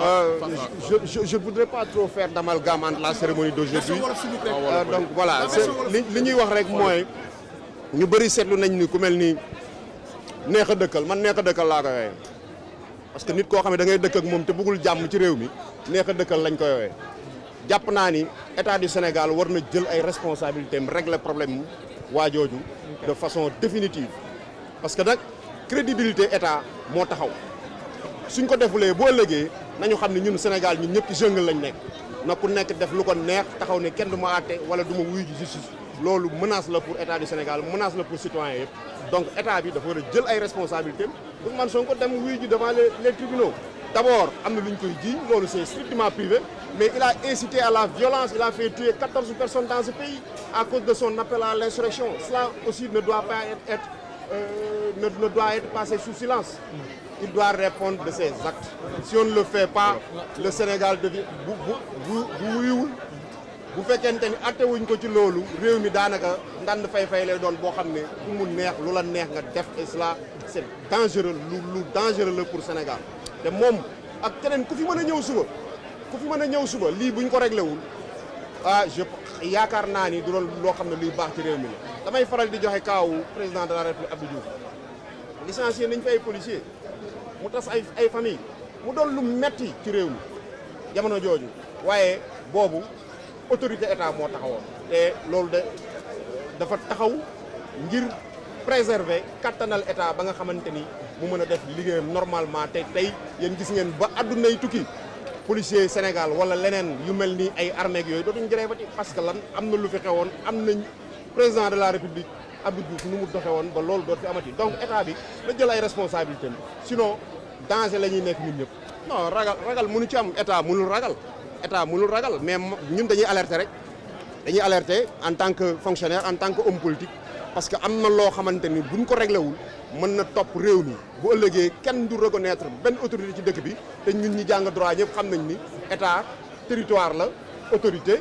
Euh, je, je, je voudrais pas trop faire d'amalgame entre la cérémonie d'aujourd'hui euh, donc voilà li li ñuy wax rek mooy ñu bëri seetlu nañ ni ku mel ni neex a dëkkal man neex a dëkkal laa ko parce que nit koo xam ne da ngay dëkk ak moom te bëggul jàmm ci réew mi neex a dëkkal lañ ko yooyee jàpp naa ni état du Sénégal war na jël ay responsabilités mu régler problème mu waajooju de façon définitive parce que nag crédibilité état moo taxaw suñ ko defulee boo ëllëgee nañu xam ne ñun Sénégal ñu ñëpp ci jungle nekk na ku nekk def lu ko neex taxaw ne kenn du ma àtte wala du ma wuyu justice loolu menace la pour état du Sénégal menace la pour citoyen yëpp donc état bi dafa war a jël ay responsabilités Ousmane Sonko dem wuyu ji devant les les tribunaux d' am na lu ñu koy jiiñ loolu c' est strictement privé mais il a à la violence il l' insurrection cela aussi ne doit pas euh, ne, ne, doit être passé sous silence. Il doit répondre de ses actes. Si on le fait pas, le Sénégal devient bu bu bu bu fekkente ni atte wuñ ko ci loolu réew mi daanaka ndand fay-fay lay doon boo xam ne ku neex lu la neex nga def et cela c'est dangereux lu lu dangereux la pour Sénégal te moom ak keneen ku fi mën a ñëw suba ku fi mën a ñëw suba lii buñ ko réglé wul. ah je yaakaar naa ni du doon loo xam ne luy baax ci réew mi la damay faral di joxe kaawu président de la république Abdou Diouf licencié nañ fi ay mu tas ay ay famille mu doon lu metti ci réew mi jamono jooju waaye boobu autorité état moo taxawoon te loolu de dafa taxaw ngir préserver kattanal état ba nga xamante ni mu mën a def liggéeyam normalement te tey yéen gis ngeen ba addunay tukki policiers Sénégal wala leneen yu mel ni ay armée yooyu dootuñu grèvati parce que lan am na lu fi xewoon am nañ président de la république Abdou Diouf nu mu doxe woon ba loolu doot fi amati donc état bi la jël ay responsabilités sinon danger la ñuy nekk ñun ñëpp non ragal ragal nu ci am état mënul ragal état mënul ragal mais ñun dañuy alerter rek dañuy alerter en tant que fonctionnaire en tant que homme politique parce que am na loo xamante ni buñ ko réglé wul mën na topp réew mi bu ëllëgee kenn du reconnaître benn autorité ci dëkk bi te ñun ñi jàng droit ñëpp xam nañ ni état territoire la autorité.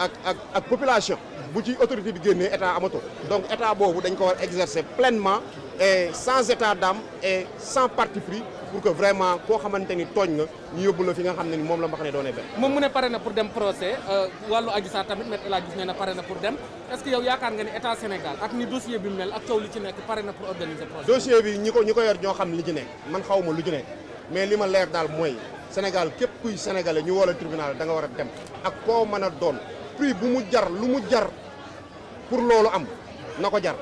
ak ak ak population bu ci autorité bi génnee état amato donc état boobu dañ ko war exercer pleinement et sans état d'âme et sans parti pris pour que vraiment koo xamante ni tooñ nga ñu yóbbu fi nga xam ne ni moom la mbax ne doone benn moom mu ne pare na pour dem procès euh, wàllu Adji Sarr tamit maître El Hadji Diouf na pare na pour dem est-ce que yow yaakaar nga ni état Sénégal ak ni dossier bi mel ak coow li ci nekk pare na pour organiser procès ko ñi ñoo xam li ci nekk man xaw ma lu mais li ma leer daal mooy Sénégal képp kuy sénégalais ñu woo la tribunal da nga war a dem ak koo mën doon prix bu mu jar lu mu jar pour loolu am na ko jar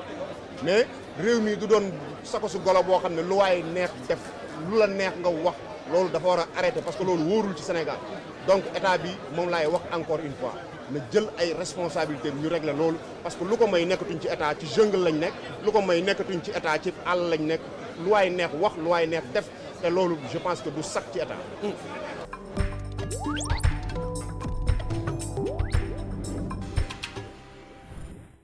mais réew mii du doon sako su golo boo xam ne lu waaye neex def lu la neex nga wax loolu dafa war a arrêté parce que loolu wóorul ci Sénégal donc état bi moom laay wax encore une fois na jël ay responsabilités ñu régler loolu parce que lu ko may nekkatuñ ci état ci jungle lañ nekk lu ko may nekkatuñ ci état ci àll nekk lu waay neex wax lu waay neex def te loolu je pense que du sax ci état